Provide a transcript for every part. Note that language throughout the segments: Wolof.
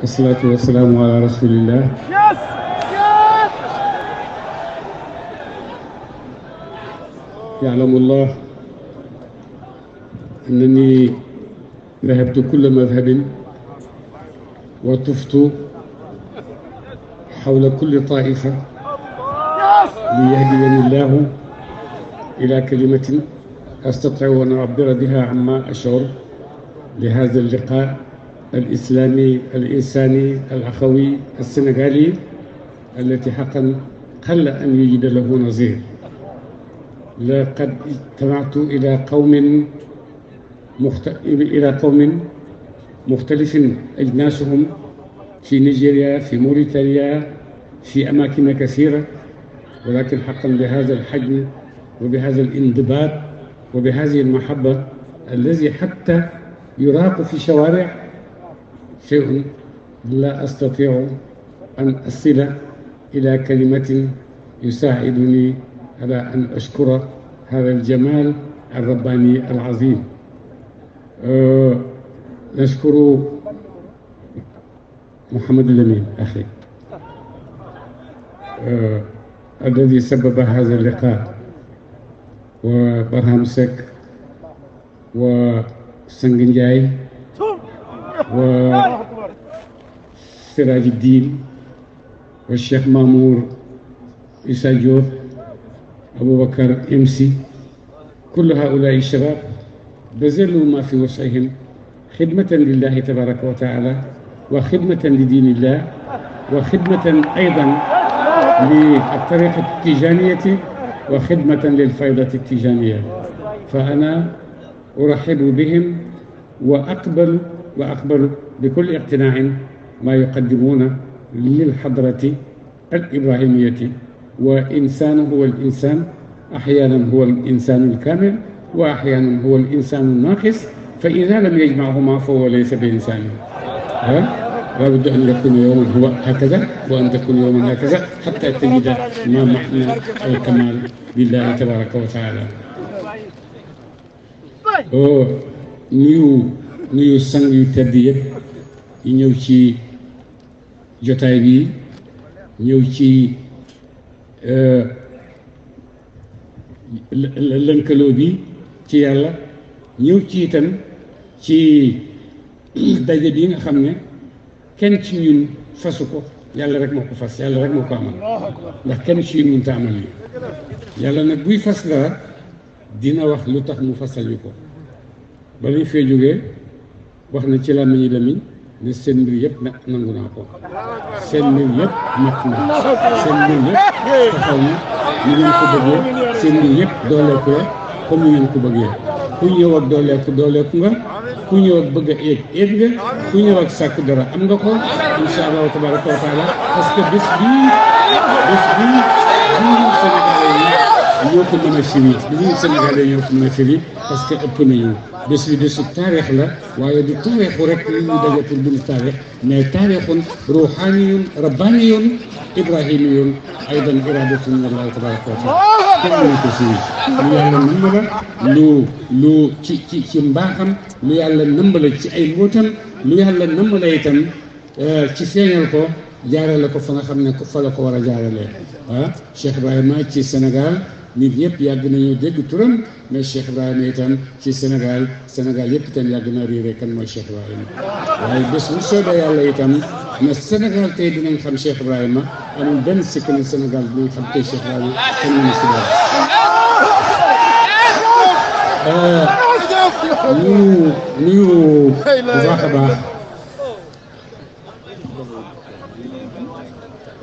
والصلاة والسلام على رسول الله يعلم الله أنني ذهبت كل مذهب وطفت حول كل طائفة ليهديني الله إلى كلمة أستطيع أن أعبر بها عما أشعر لهذا اللقاء الإسلامي الإنساني الأخوي السنغالي التي حقا قل أن يجد له نظير لقد اجتمعت إلى قوم مخت... إلى قوم مختلف أجناسهم في نيجيريا في موريتانيا في أماكن كثيرة ولكن حقا بهذا الحجم وبهذا الانضباط وبهذه المحبة الذي حتى يراق في شوارع شيء لا أستطيع أن أصل إلى كلمة يساعدني على أن أشكر هذا الجمال الرباني العظيم أه، نشكر محمد الأمين أخي أه، الذي سبب هذا اللقاء وبرهام سك وسنجنجاي وسراج الدين والشيخ مامور عيسى جوف أبو بكر إمسي كل هؤلاء الشباب بذلوا ما في وسعهم خدمة لله تبارك وتعالى وخدمة لدين الله وخدمة أيضا للطريقة التيجانية وخدمة للفيضة التيجانية فأنا أرحب بهم وأقبل وأقبل بكل اقتناع ما يقدمون للحضرة الإبراهيمية وإنسان هو الإنسان أحيانا هو الإنسان الكامل وأحيانا هو الإنسان الناقص فإذا لم يجمعهما فهو ليس بإنسان لا بد أن يكون يوما هو هكذا وأن تكون يوما هكذا حتى تجد ما معنى الكمال لله تبارك وتعالى. أوه. نيو nuyu sang yu tedd yëpp yi ñëw ci jotaay bi ñëw ci euh, lënkaloo bi ci yàlla ñëw ci itam ci daje bi nga xam ne kenn ci ñun fasu ko yàlla rek moo ko fas yàlla rek moo ko amal ndax kenn ci ñun ta amal yi yàlla nag buy fas dara dina wax lu tax mu fasal ñu ko ba ñu fee jógee wax na ci làmmiñu lamiñ ne seen mbir yëpp nag naa ko seen mbir yëpp mat yëpp taxaw na ni ngeen ko bëggee seen mbir yëpp dooleeku la comme ni ngeen ko bëggee ku ñëw ak dooleeku dooleeku nga ku ñëw bëgg a éeg éeg nga ku ñëw sàkk dara am nga ko incha allahu tabaraka wa taala parce que bés bii bés bii duuru Sénégalais yi ñoo mën a firi duuru Sénégalais yi ñoo ko mën a firi parce que ëpp nañu. bés bi bésu taarix la waaye du taarixu rek nit ñi daje pour bind taarix mais taarixun ruuxaaniyun rabbaaniyun ibrahimiyun aydan iradatun min allahi tabaraka wa taala kenn nañ ko suñu lu yàlla nëmb la lu lu ci ci ci mbaaxam lu yàlla nëmb ci ay mbóotam lu yàlla la itam euh, ci feeñal ko jaarale ko fa nga xam ne fa la ko war a jaarale ah ci Sénégal nit ñëpp yàgg nañoo dégg turam mais Cheikh Ibrahima itam ci Sénégal Sénégal yëpp itam yàgg na réeré kan mooy Cheikh Ibrahima waaye bés bu soobee yàlla itam na Sénégal tey dinañ xam Cheikh Ibrahima amul benn sikk ne Sénégal dinañ xam tey Cheikh Ibrahima kan mooy Sénégal ñu nuyu bu baax a baax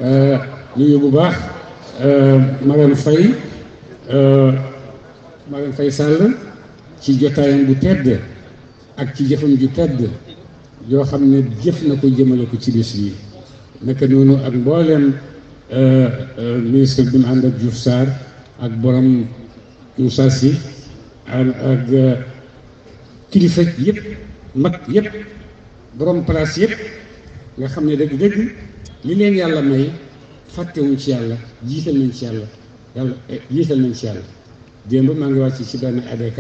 euh, nuyu bu baax euh, Marème Faye maa euh, Marième fay Sall ci jotaayam bu tedd ak ci jëfam ji tedd yoo xam ne jëf na ko jëmale ko ci bis bi naka noonu ak mbooleem euh, euh, ministre bi mu ànd ak Diouf Sarr ak borom Moussa Sy ak kilifa yëpp mag yëpp borom place yëpp nga xam ne dëgg-dëgg li leen yàlla may fàttewuñ ci yàlla jiital nañ ci yàlla yàlla eh, jiital nañ si yàlla démb maa ngi wàcc si benn ADK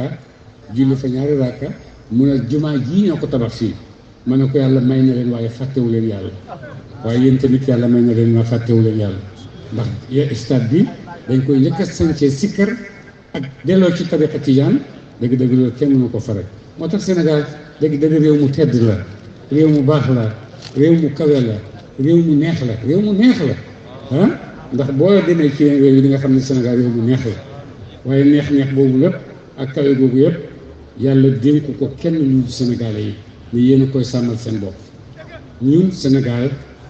julli fa ñaari ràkka mu ne jumaa jii ñoo ko tabax si ma ne ko yàlla may na leen waaye fàttewu leen yàlla waaye yéen tamit yàlla may na leen ma fàttewu leen yàlla ndax stade bi dañ koy njëkk a sancee kër ak delloo ci tariqa tijaan dëgg-dëgg loolu kenn mënu ko faral moo tax Sénégal dëgg-dëgg réew mu tedd la réew mu baax la réew mu kawe la réew mu neex la réew mu neex la ah. ndax boo demee ci yooyu di nga xam ne Sénégal yow neex la waaye neex-neex boobu lépp ak kawe googu yëpp yàlla dénk ko kenn ñu Sénégalais yi ne yéen a koy sàmmal seen bopp ñun Sénégal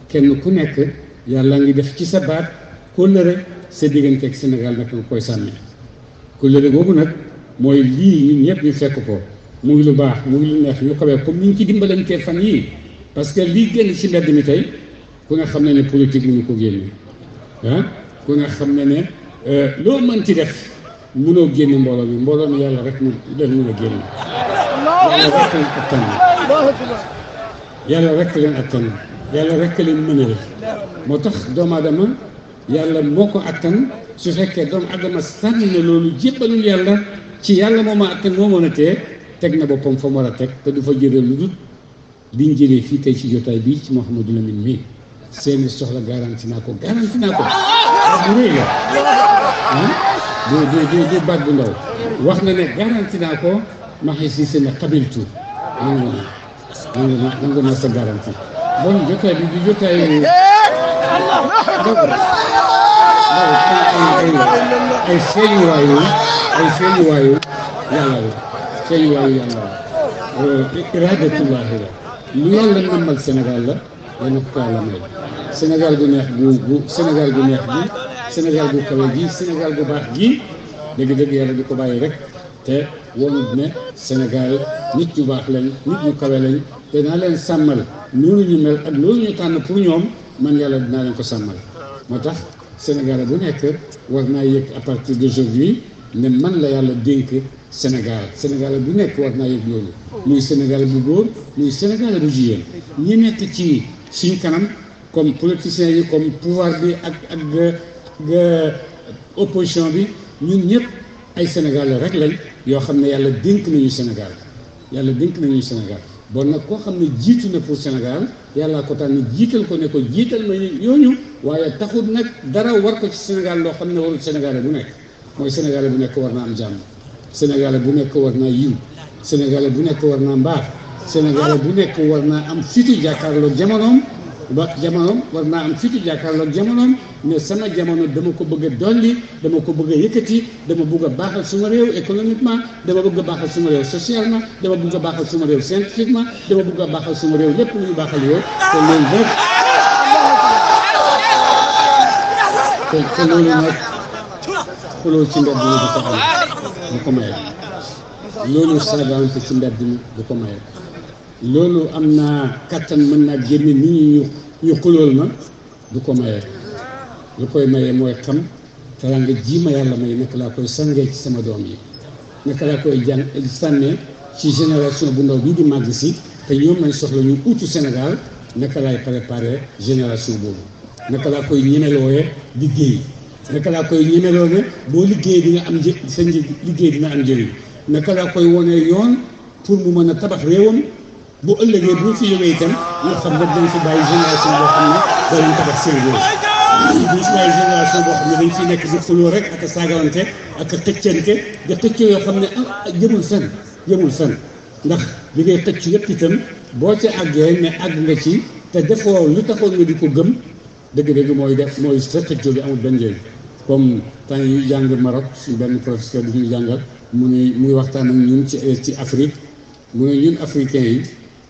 kenn ku nekk yàlla ngi def ci sa baat kóllëre sa diggante ak senegal nag nga koy sàmmi kóllëre googu nag mooy lii ñun ñëpp ñu fekk ko mu ngi lu baax mu ngi lu neex ñu kawee comme ni ñu ci dimbalantee fan yii parce que lii génn ci mbedd mi tey ku nga xam ne ne politique mu ñu ko génn ah ku ne xam na ne loo mënti def mënoo génn mbooloo mi mbooloo mi yàlla rek mu def mën a génn yàlla rek leen attan yàlla rek leen attan yàlla rek leen mën a def moo tax doomu aadama yàlla moo ko attan su fekkee doomu aadama sànni na loolu jébbalul yàlla ci yàlla moo ma attan moo mën a tee teg na boppam fa mu war a teg te du fa jëlee lu dul liñ jëlee fii tey ci jotaay bii ci Mouhamadou Lamine mii sai mi sohla garanti naa ko garanti naa ko bu rëy la ah du du du du baat bu ndaw wax na ne garanti naa ko ma xëy si seen xabiltu nangu naa nangu naa nangu naa sa garanti bon jotaay bi du jotaay ay feeñu waayu ay feeñu waayu yàlla la feeñu waayu yàlla la iraadatullahi la lu yàlla namal Sénégal la yal na ko Sénégal gu neex gu Sénégal gu neex gi Sénégal gu kawe gi Sénégal gu baax gi dëgg-dëgg yàlla di ko bàyyi rek te wonut nit ñu baax lañ nit ñu kawe lañ te naa leen sàmmal noonu ñu mel ak loolu ñu tànn pour ñoom man yàlla dinaa leen ko sàmmal moo tax Sénégal bu nekk war naa yëg à partir d'aujourd'hui ne man la yàlla dénk Sénégal Sénégal bu nekk war naa yëg loolu muy Sénégal bu góor muy Sénégal bu jigéen ñi nekk ci suñ kanam comme politicien yi comme pouvoir bi ak ak ga opposition bi ñun ñëpp ay Sénégalais rek lañ yoo xam ne yàlla dénk nañu Sénégal yàlla dénk nañu Sénégal bon nag koo xam ne jiitu na pour Sénégal yàlla ko tànn jiital ko ne ko jiital ma ñooñu waaye taxut nag dara war ko ci Sénégal loo xam ne warul Sénégalais bu nekk mooy Sénégalais bu nekk war na am jàmm Sénégalais bu nekk war naa yiw Sénégalais bu nekk war naa mbaax Sénégalais bu nekk war naa am fiti jàkkaarloog jamonoom ba jamonoom war naa am fiti mais sama jamono dama ko bëgg a dolli dama ko bëgg a dama bëgg a baaxal suma réew économiquement dama bëgg a baaxal suma réew socialement dama bëgg a baaxal suma réew scientifiquement dama bëgg a baaxal suma réew lépp lu ñu baaxal yow te loolu nag te te loolu nag xuloo ci mbedd mi du ko am du ko maye loolu saagante ci mbedd mi du ko maye. loolu am naa kattan mën naa génne nii ñu xulool ma du ko maye lu koy maye mooy xam teraanga ji ma yàlla may naka laa koy sàngee ci sama doom yi naka laa koy jàng sànnee ci génération bu ndaw bii di màgg si te ñoom lañ soxla ñu uutu Sénégal naka laay préparé génération boobu naka laa koy ñemelooyee liggéey naka laa koy ñemeloo boo liggéey di nga am sa liggéey dina am njëriñ naka laa koy wonee yoon pour mu mën a tabax réewam bu ëllëgee bu fi yógee itam ñu xam ne dañ fi bàyyi génération boo xam ne doo dañ fi bàyyi génération boo xam ne dañ ciy nekk di xuloo rek ak a saagawante ak a xëccante da xëccee yoo xam ne ah, ah jëmul fenn jëmul fenn ndax li ngay xëcc yëpp itam boo ca àggee ne àgg nga ci te defoo lu taxoon nga di ko gëm dëgg-dëgg mooy def mooy sa xëccoo bi amul benn njëriñ comme temps yi jàng Maroc si benn professeur bi ñuy jàngal mu ne muy waxtaan ak ñun ci ci Afrique mu ne ñun africains yi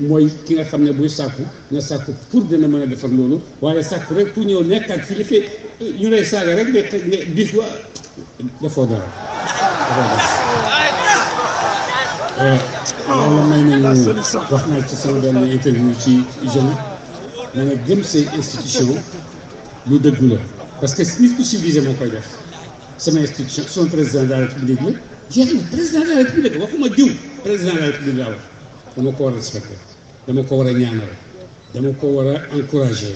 mooy ki nga xam ne buy sàkku nga sàkku pour dina mën a defar loolu waaye sàkku rek pour ñëw nekk ak fi li fi ñu lay saaga rek nga bis wa dafoo dara yàlla may nañu wax naa ci sama benn interview ci jeune na nga gëm say institution lu dëggu la parce que nit ku civilisé moo koy def sama institution son président de la république la jeex na président de la république waxuma jiw président de la république laa wax dama ko war a respecté dama ko war a ñaanal dama ko war a encouragé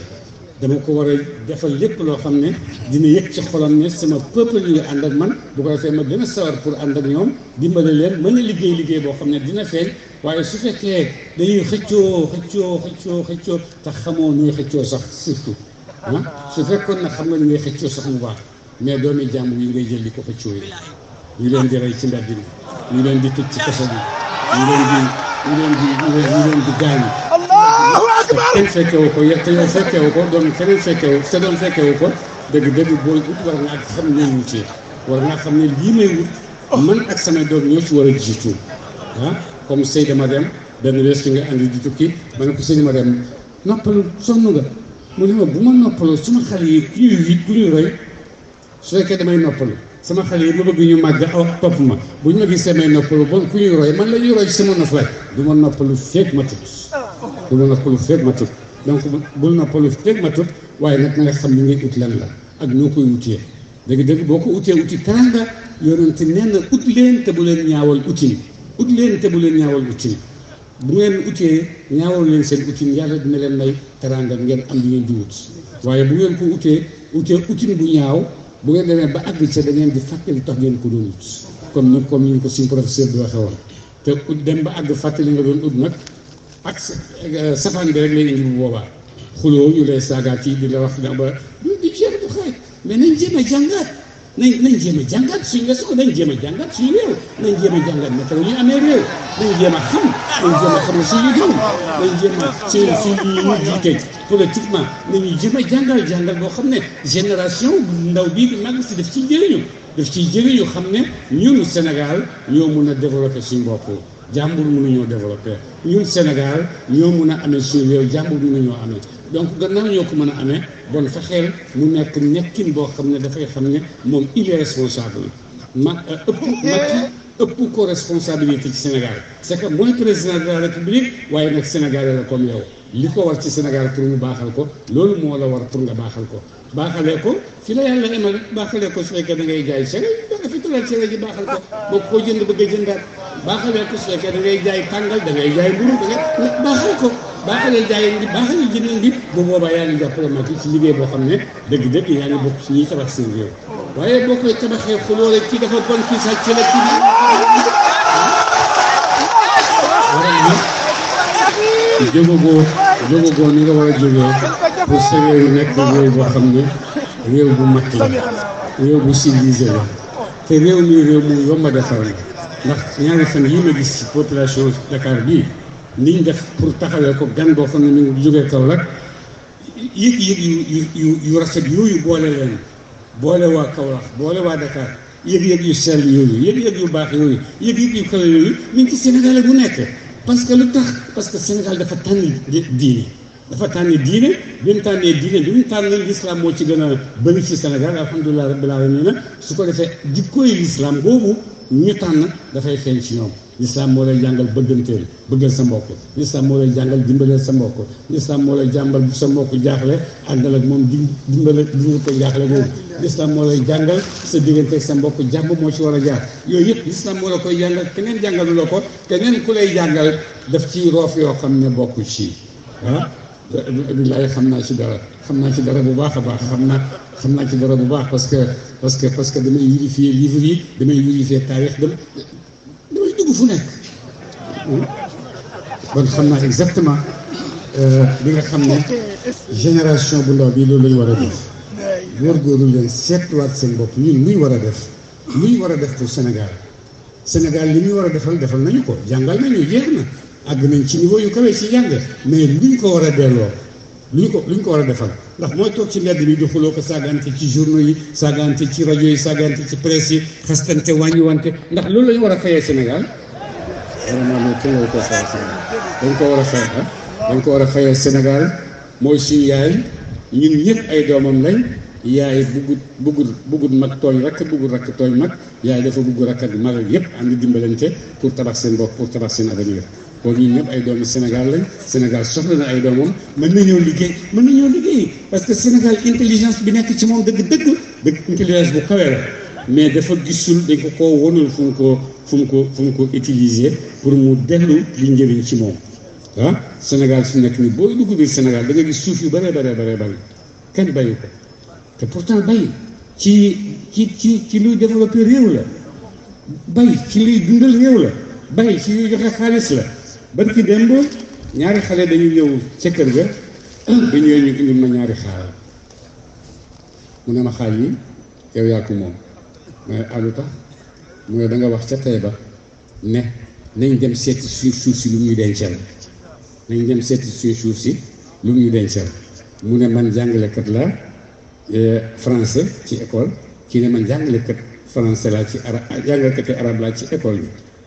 dama ko war a defal lépp loo xam ne dina yëg ci xolam ne sama peuple yi ànd ak man bu ko defee ma gën a sawar pour ànd ak ñoom dimbale leen mën a liggéey liggéey boo xam ne dina feeñ waaye su fekkee dañuy xëccoo xëccoo xëccoo xëccoo te xamoo ñuy xëccoo sax surtout ah su fekkoon na xam nga ñuy xëccoo sax mu baax mais doomi jàmm yi ngay jël di ko xëccoo yi ñu leen di rey ci mbedd bi ñu leen di tëj ci kaso bi ñu leen di ñu leen di ñu leen di gaañ. allahu akbar kenn fekkewu ko te yow fekkewu ko doon keneen fekkewu te doon fekkewu ko dëgg dëgg booy wut war naa xam ne ñu ci war naa xam ne lii may wut oh. man ak sama doom ñoo ci war a jiitu ah comme Seyda Mariam benn bés ki nga andi di tukki ma ne ko Seyda Mariam noppalu sonn nga mu ne ma bu ma noppaloo suma xale yi ku ñuy wiit ku ñuy roy su fekkee damay noppalu. sama xale yi ma bëgg ñu màgg aw ah, topp ma bu ñu ma gis samay noppalu bon ku ñuy man la ñuy roy ci sama noflaay du ma noppalu feeg ma tut du ma ma tut donc bul noppalu feeg ma tut waaye nag nga xam li ngay ut lan la ak noo koy utee dëgg-dëgg boo ko utee uti tànga yonente nee na ut leen te bu leen ñaawal utin ut leen te bu leen ñaawal utin bu ngeen utee ñaawal leen seen utin yàlla dina leen may teraanga ngeen am li ngeen di wut waaye bu ngeen ko utee utee utin bu ñaaw bu ngeen demee ba àgg ca da ngeen di fàttali tax ngeen ko doon ut comme ni comme ni ko suñ professeur bi waxee woon te ut dem ba àgg fàttali nga doon ut nag ak euh, safaan bi rek lay indi bu boobaa xuloo ñu lay saagaat yi di la wax na ba du di jéem du xaaj mais nañ jéem a jàngaat nañ nañ jéem a jàngat suñu réseau nañ jéem a jàngat suñu réew nañ jéem a jàngat météo yi amee réew nañ jéem a xam nañ jéem a xam suñu doom nañ jéem a suñu suñu ñu jiite politiquement nañu jéem a jàngal jàngal boo xam ne génération ndaw bii di màgg si daf ciy jëriñu daf ciy jëriñu xam ne ñun Sénégal ñoo mun a développé suñu bopp jàmbur mënuñoo développé ñun Sénégal ñoo mun a amee suñu réew jàmbur mënuñoo amee. donc gannaaw ñoo ko mën a ame bon fexeel mu nekk nekkin boo xam ne dafay xam ne moom il est responsable ma euh, ëpp Macky ëpp ko responsabilité ci Sénégal c'est que mooy président de la République waaye nag Sénégalais la comme yow li ko war ci Sénégal pour mu baaxal ko loolu moo la war pour nga baaxal ko baaxalee ko fi la yàlla emal baaxalee ko su fekkee da ngay jaay cere da nga fi tolal cere ji baaxal ko boo koo jënd bëgg a jëndaat baaxalee ko su fekkee da ngay jaay da ngay jaay mburu ko baaxale jaay baaxale jënd nit bu boobaa yaa ngi jàppale ci liggéey boo xam ne dëgg-dëgg yaa ngi bokk ci ñuy tabax seen réew waaye boo koy tabaxee xuloo rek kii dafa bon kii sàcc la kii bi jógagoo jógagoo ni nga war a jógee pour sa réew nekk réew boo xam ne réew bu mat la réew bu civilisé la te réew mi réew mu yomb a defar la ndax ñaari fan yi ma gis population Dakar bii niñ def pour taxawee ko gan boo xam ne mi ngi jógee kaw rek yëg yëg yu yu yu yooyu boole leen boole waa kaw la boole waa Dakar yëg-yëg yu sell yooyu yëg-yëg yu baax yooyu yëg-yëg yu kawe yooyu mi ngi ci Sénégal bu nekk parce que lu tax parce que Sénégal dafa tànn diine dafa tàng diine bi mu tànnee diine bi mu tànnee lislaam moo ci gën a bëri ci Sénégal alhamdulilah rabbil alamin su ko defee jikkooy lislaam boobu ñu tànn dafay feeñ ci ñoom lislaam moo lay jàngal bëgganteel bëggal sa mbokk lislaam moo lay jàngal sa mbokk lislaam moo lay jàngal bu sa mbokk jaaxle àndal moom di dimbale dindi ko jaaxle boobu lislaam moo lay jàngal sa diggante sa mbokk jàmm moo ci war a jaar yooyu yëpp lislaam moo la koy jàngal keneen jàngalu la ko keneen ku lay jàngal def ci roof yoo xam ne bokku ci ah wilaaya xam naa ci dara xam naa ci dara bu baax a baax xam naa xam naa ci dara bu baax parce que parce que parce que damay vérifier livre yi damay vérifier taarix damay damay dugg fu nekk kon xam naa exactement li nga xam ne génération bu ndaw bi loolu lañ war a def góorgóorlu leen seetluwaat seen bopp ñun luy war a def luy war a def pour Sénégal Sénégal li muy war a defal defal nañu ko jàngal nañu yéeg na àgg nañ ci niveau yu kawe ci yàgg mais luñ ko war a delloo luñ ko luñ ko war a defal ndax mooy toog ci mbedd bi di xuloo ko sagante ci journaux yi saagante ci rajo yi sagante ci presse yi xastante wàññiwante ndax loolu la ñu war a fayee Sénégal vraiment loolu kenn waru ko fayee Sénégal dañ ko war a fay ah dañ war a fayee Sénégal mooy suñu yaay ñun ñëpp ay doomam lañ yaay buggut buggut buggut mag tooñ rakk buggut rakk tooñ mag yaay dafa bugg rakk ak mag yëpp ànd dimbalante pour tabax seen bopp pour tabax seen avenir kon ñun ñëpp ay doomu Sénégal lañ Sénégal soxla na ay doomam mën nañoo liggéey mën nañoo liggéey parce que Sénégal intelligence bi nekk ci moom dëgg-dëgg dëgg intelligence bu kawee la mais dafa gisul dañ ko koo wonul fu mu ko fu mu ko fu mu ko utiliser pour mu dellu li njëriñ ci moom ah Sénégal su nekk ni booy dugg Sénégal da nga gis suuf yu bëree bëree bëree bëri kenn bayu te pourtant bay ci ci ci ci luy développer réew la bay ci luy dundal réew la bay ci luy joxe xaalis la ba ci démb ñaari xale dañu ñëw ca kër ga bi ñëwee ñu indil ma ñaari xaal mu ne ma xaal yi yow yaa moom mooy alu ah, tax mooy da nga wax ca tey ba ne nañ dem seeti suñ suuf si lu ñuy dencal nañ dem seeti suñ suuf si lu ñuy dencal mu ne man jàngalekat la eh, français ci école kii ne man jàngalekat français laa ci arab jàngalekati arab laa ci école bi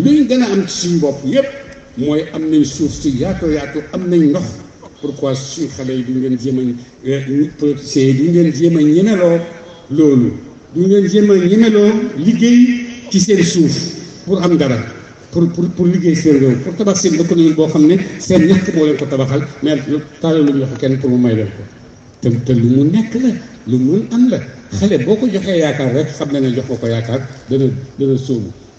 luñ gën a am ci suñ bopp yépp mooy am nañ suuf si yaatu yaatu am nañ ndox pourquoi suñ xale yi duñ leen jéem a euh, politiciens yi duñ leen jéem a ñemeloo loolu duñ leen jéem a ñemeloo liggéey ci seen suuf pour am dara pour pour pour liggéey seen réew pour tabax seen économie boo xam ne seen ñàkk moo leen ko tabaxal mais taale lu ñu wax kenn pour mu may leen ko te te lu mu nekk la lu mu am la xale boo ko joxee yaakaar rek xam na ne jox ko ko yaakaar dana dana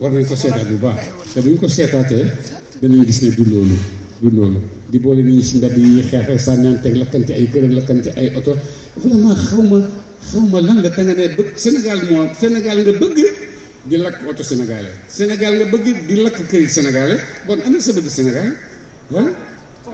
war nañ ko seetaat bu baax te bu ñu ko seetaatee danañ gis ne du loolu du loolu di boole nit ñi si mbedd yi xeexee sànnanteeg lakkante ay kër lakkante ay oto vraiment ma xaw ma lan la da nga ne bëgg Sénégal nga bëgg di lakk oto sénégalais Sénégal nga bëgg di lakk këri sénégalais bon ana sa bëgg Sénégal ah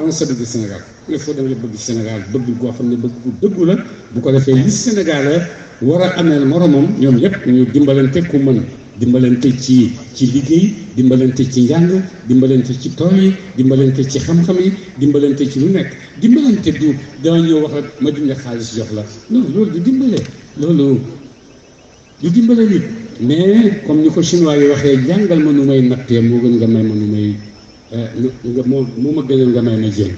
ana sa bëgg Sénégal il faut da nga bëgg Sénégal bëgg goo xam ne bëgg bu la bu ko defee li Sénégalais war a ameel moromam ñoom yëpp ñu dimbalante ku mën. dimbalante ci ci liggéey dimbaleen dimbalante ci njàng dimbalante ci tool yi dimbalante ci xam-xam yi dimbalante ci lu nekk dimbalante du dama ñëw wax ma dindi xaalis jox la non loolu du dimbale loolu du dimbale nit mais comme ni ko chinois yi waxee jàngal ma nu may nattee moo gën nga may ma nu euh, moo moo ma gënal nga may ma jéem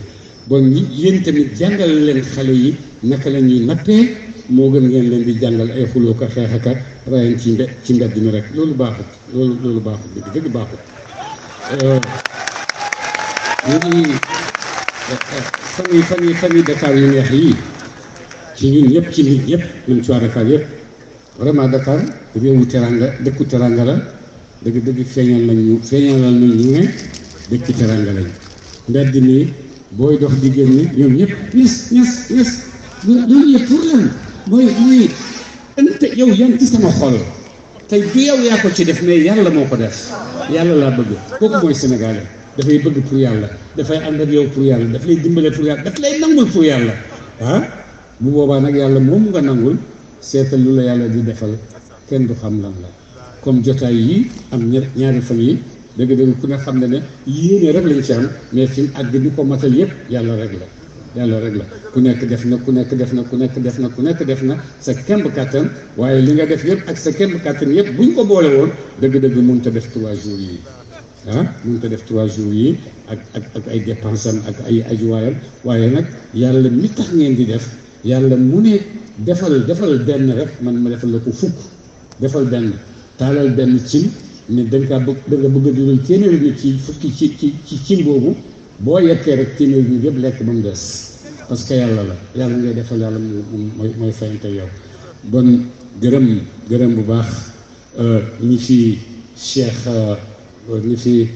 bon ñi yéen tamit jàngal leen xale yi naka la ñuy moo gën ngeen leen di jàngal ay xulóoka xeexaka rayan ci mbe ci mbedd mi rek loolu baaxut loolu loolu baaxut dëgg dëgg baaxut ñu euh, ngi famille famille famille Dakar yu neex yii ci ñëpp ci nit ñëpp ci waa Dakar yëpp vraiment Dakar réewu teranga dëkku teranga la dëgg dëgg feeñal nañ ñu feeñalal nañ ñu ne dëkki teranga lañ mbedd mi booy dox di génn ñoom mooy mooy ënt yow yan ci sama xol tey du yow yaa ko ci def mais yàlla moo ko def yàlla laa bëgg kooku mooy sénégalais dafay bëgg pour yàlla dafay ànd ak yow pour yàlla daf lay dimbale pour yàlla nangul pour yàlla ah bu boobaa nag yàlla moom nga nangul seetal lu la yàlla di defal kenn du xam lan la comme jotaay yi am ñaari fan yi dëgg de ku ne xam ne ne yéene rek lañ ci am mais fi mu àgg di ko matal yëpp yàlla rek la yàlla rek la ku nekk def na ku nekk def na ku nekk def na ku nekk def na sa kemb kattan waaye li nga def yëpp ak sa kemb kattan yëpp bu ñu ko boole woon dëgg-dëgg mënut a def trois jours yi ah mënut a def trois jours yi ak ak ak ay dépense ak ay ajuwaayam waaye nag yàlla mi tax ngeen di def yàlla mu ne defal defal benn rek man ma defal la ko fukk defal benn taalal benn cin ne da nga kaa bëgg da nga bëgg a dugal ci nit ci fukki ci ci ci cin boobu boo yekkee rek téeméer bi yëpp lekk ba mu des parce que yàlla la yàlla ngay defal yàlla mooy mooy fayante yow bon gërëm gërëm bu baax euh, ñi fi Cheikh euh, ñi fi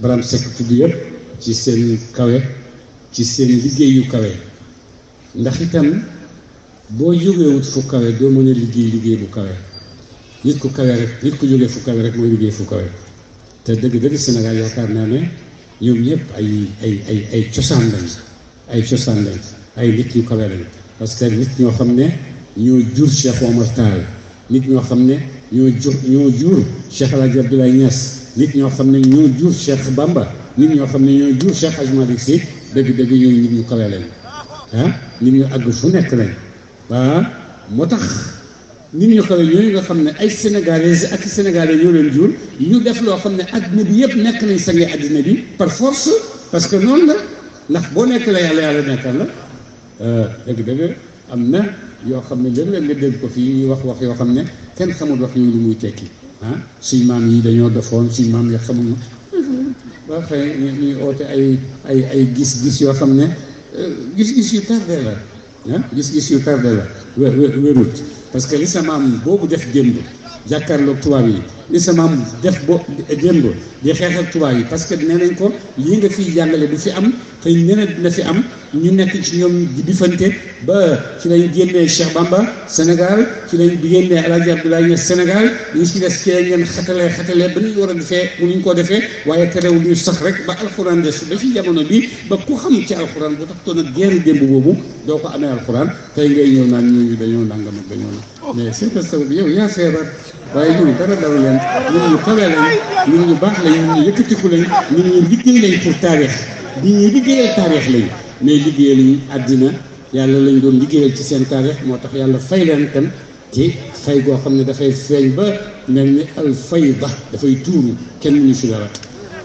Baram Seck tudd yëpp ci seen kawe ci seen liggéey yu kawe ndax itam boo jógeewut fu kawe doo mën liggéey liggéey bu kawe nit ku kawe rek nit ku jógee fu kawe rek mooy liggéey fu kawe te dëgg-dëgg Sénégal yaakaar naa ne ñoom ñëpp ay ay ay ay cosaan lañ ay cosaan lañ ay nit yu kawe lañ parce que nit ñoo xam ne ñoo jur Cheikh Omar Tall nit ñoo xam ne ñoo jur ñoo jur Cheikh El Hadj Abdoulaye Niass nit ñoo xam ne ñoo jur Cheikh Bamba nit ñoo xam ne ñoo jur Cheikh Hadj Malick Sy dëgg-dëgg ñooñu nit ñu kawe lañ ah nit ñu àgg fu nekk lañ ah moo tax. nit ñu kawe yooyu nga xam ne ay sénégalaises ak sénégalais ñoo leen jur ñu def loo xam ne adduna bi yëpp nekk nañ sa ngay adduna bi par force parce que noonu la ndax boo nekk la yàlla yàlla nekkal la dëgg-dëgg euh, am na yoo xam ne jël leen nga dégg ko fii wax wax yoo xam ne kenn xamul wax yooyu lu muy tekki ah suñ maam yi dañoo defoon suñ maam yoo xamul ba xëy ñuy ay ay ay gis-gis yoo xam ne euh, gis-gis yu tardé la ah, gis-gis yu tardé la wé wé wérut parce que li sa maam boobu def démb jàkkaarloog tubaab yi li sa maam bo démb di xeex ak tubaab yi parce que nee ko lii nga fiy jàngale bu fi am te nee na dina fi am ñu nekk ci ñoom di difante ba ci lañu génnee Cheikh Bamba Sénégal ci lañu génnee El Hadj Abdoulaye Niass Sénégal ñu ci des ci lañ leen xatalee xatalee ba ñu war a defee mënuñ ko defee waaye terewul ñu sax rek ba alxuraan des ba fi jamono bi ba ku xam ci alxuraan bu tax toon ak génn démb boobu doo ko amee alxuraan tey ngay ñëw naan ñooñu dañoo nangam ak dañoo la mais c'est que sabab yow yaa leen ñun ñu ñu baax lañ ñun ñu yëkkatiku lañ ñun ñu liggéey lañ pour taarix di ñu liggéeyal taarix lañ mais liggéeyal ñu àddina yàlla lañ doon liggéeyal ci seen taarix moo tax yàlla fay leen tam ci fay boo xam ne dafay feeñ ba mel ni al fayda dafay tuuru kenn mënu si dara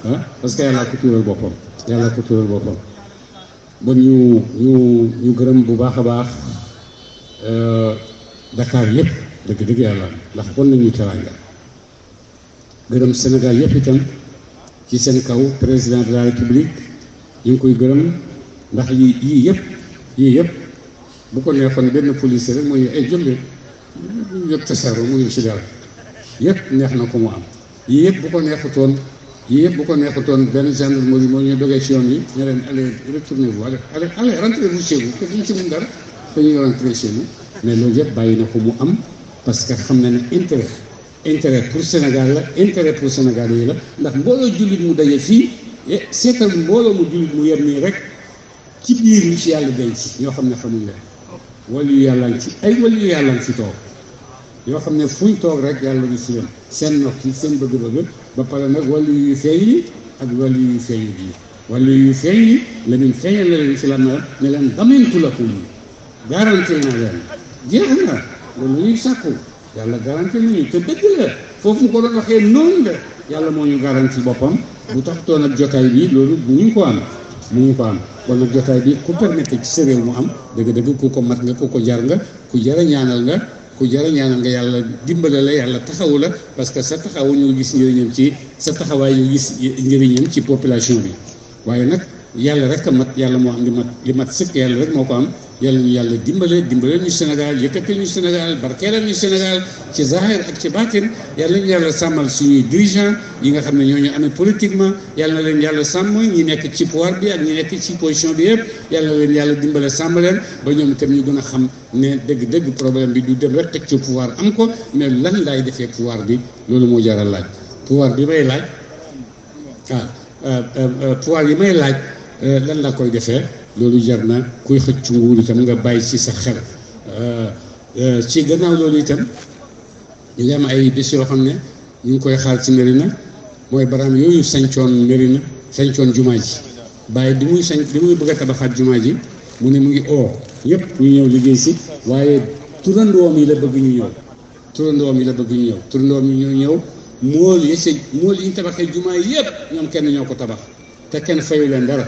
ah, parce que yàlla ko boppam yàlla ko tuural boppam bon ñu ñu ñu gërëm bu baax a baax euh, dakaar yëpp dëgg dëgg yàlla ndax kon nañuy teraanga gërëm Sénégal yëpp itam ci seen kaw président de la république ñu ngi koy gërëm ndax yii yii yëpp yii yëpp bu ko neexoon benn policier la mooy ay eh, jël yëpp tasaaroo mu yëpp neex na ko mu am yëpp bu ko neexutoon yii yëpp bu ko neexutoon benn gendarmerie moo ñu dogee ci yoon yi ñu leen allez retournez vous mais loolu yëpp bàyyi na ko mu am parce que xam na ne intérêt intérêt pour Sénégal la intérêt pour Sénégal yi la ndax mbooloo jullit mu daje fii eh, seetal mbooloo mu jullit mu yem nii rek. ci biir yi ci yàlla denc ñoo xam ne xamuñ leen waliyu yàlla ci ay waliyu yàlla ci toog yoo xam ne fuñ toog rek yàlla ñu si leen seen nox ci seen bëgg-bëgg ba pare nag waliyu yi ak waliyu yu feeñ yi waliyu yu feeñ yi la ñu feeñal leen ci la ne leen damentu la ko ñu garanti sàkku yàlla garanti nañu te dëgg la foofu mu ko doon waxee noonu la yàlla moo ñu garanti boppam bu taxutoon ak jotaay bi loolu bu ñu ko am bu ñu ko am wala jotaay bi ku permettre ci sa mu am dëgg-dëgg ku ko mat nga ku ko jar nga ku jar a ñaanal nga ku jar a ñaanal nga yàlla dimbale la yàlla taxawu la parce que sa taxawu ñoo gis njëriñam ci sa taxawaay ñoo gis njëriñam ci population bi waaye nag. yàlla rek a mat yàlla moo am li mat li mat sëkk yàlla rek moo ko am yàlla ñu yàlla dimbale dimbale ñu Sénégal yëkkati ñu Sénégal barkeelal ñu Sénégal ci zahir ak ci baatin yàlla ñu yàlla sàmmal suñuy dirigeant yi nga xam ne ñoo ñu amee politiquement na leen yàlla sàmm ñi nekk ci pouvoir bi ak ñi nekk ci position bi yëpp yàlla leen yàlla dimbale sàmm leen ba ñoom itam ñu gën a xam ne dëgg-dëgg problème bi du dem rek teg ci pouvoir am ko mais lan laay defee pouvoir bi loolu moo jaral laaj pouvoir bi may laaj waaw euh, euh, euh, lan euh, la koy defee loolu jar na kuy xëccu nguur tam nga bàyyi ci sa xel euh, euh, ci gannaaw loolu itam ñu ngi am ay bés yoo xam ne ñu ngi koy xaar ci Medina mooy baraam yooyu sañcoon Medina sañcoon jumaa ji bàyyi di muy sañ di muy bëgg a tabaxaat jumaa ji mu ne mu ngi oo yëpp ñu ñëw liggéey si waaye turandoom yi la bëgg ñu ñëw turandoom yi la bëgg ñu ñëw turandoom yi ñu ñëw mool yi sa mool yi ñu tabaxee jumaa yëpp ñoom kenn ñoo ko tabax te kenn fayu leen dara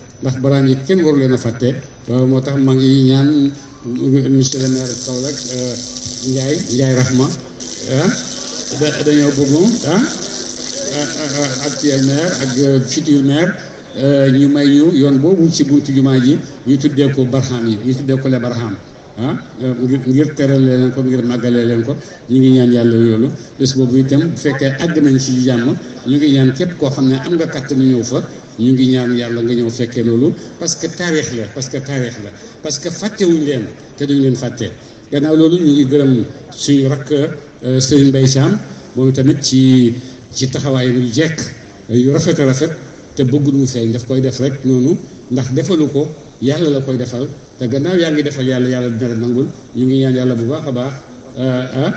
ndax balaa yi kenn waru leen a fàtte loolu moo tax maa ngi ñaan monsieur le maire Kaolack euh, Ndiaye Rahma ah dañoo bëgg ah, ah actuel maire ak euh, futur maire euh, ñu may ñu yoon boobu ci buntu jumaa ji ñu tuddee ko barxaam yi ñu tuddee ko le barxaam ah ngir teral leen ko ngir màggalee leen ko ñu ngi ñaan yàlla yoolu bés boobu itam bu fekkee àgg nañ jàmm ñu ngi ñu ngi ñaan yàlla nga ñëw fekkee loolu parce que taarix la parce que taarix parce que fàttewuñ leen te duñ leen fàtte gannaaw loolu ñu ngi gërëm suñu rakk euh, Serigne Mbaye Thiam moom tamit ci ci taxawaay yu jekk yu rafet a rafet te bëggul mu feeñ daf koy def rek noonu ndax defalu ko yàlla la koy defal te gannaaw yaa ngi defal yàlla yàlla dina la nangul ñu ngi ñaan yàlla bu baax a baax euh, ah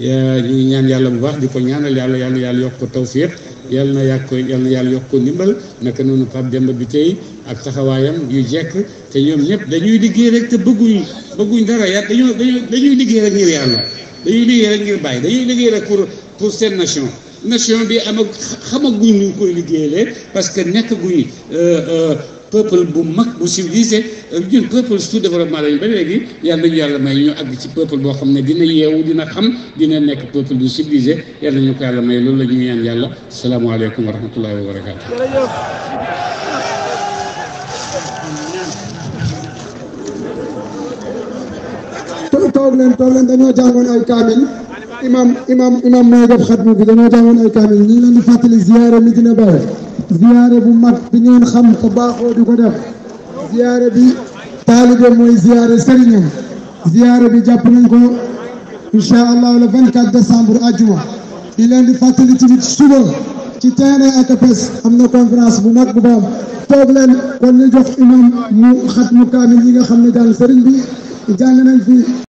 euh, ñu ngi ñaan yàlla bu baax di ko ñaanal yàlla yàlla yàlla yokk ko tawfiq yal na yàgg ko yal na yàlla yokk ko ndimbal naka noonu Pape Demba bi tey ak taxawaayam yu jekk te ñoom ñëpp dañuy liggéey rek te bëgguñ bëgguñ dara ya dañoo dañuy liggéey rek ngir yàlla dañuy liggéey rek ngir bàyyi dañuy liggéey rek pour pour seen nation nation bi am ak xamaguñ ñu koy liggéeyalee parce que nekk guñ euh, euh, peuple bu mag bu civilisé ñun peuple sous développement lañu ba léegi yàlla nañu yàlla may ñu àgg ci peuple boo xam ne dina yeewu dina xam dina nekk peuple bu civilisé yàlla nañu ko yàlla may loolu la ñuy ñaan yàlla salaamaaleykum wa rahmatullahi wa barakaatu. toog leen toog leen dañoo jàngoon ay kaamil imam imam imam may def xatmu bi dañoo jàngoon ay kaamil ñu ngi leen di fàttali ziyaara Medina Baye ziyaare bu mat bi xam te baaxoo di ko def ziyaare bi taalibe mooy ziyaare sëriñam ziyaare bi jàpp nañ ko incha allah le 24 décembre àjjuma di leen di fàttali tamit suba ci terrain ACAPES am na conférence bu mag bu ba am toog leen kon ñu jox mu xat mu kaamil yi nga xam ne daal sëriñ bi jàng nañ fi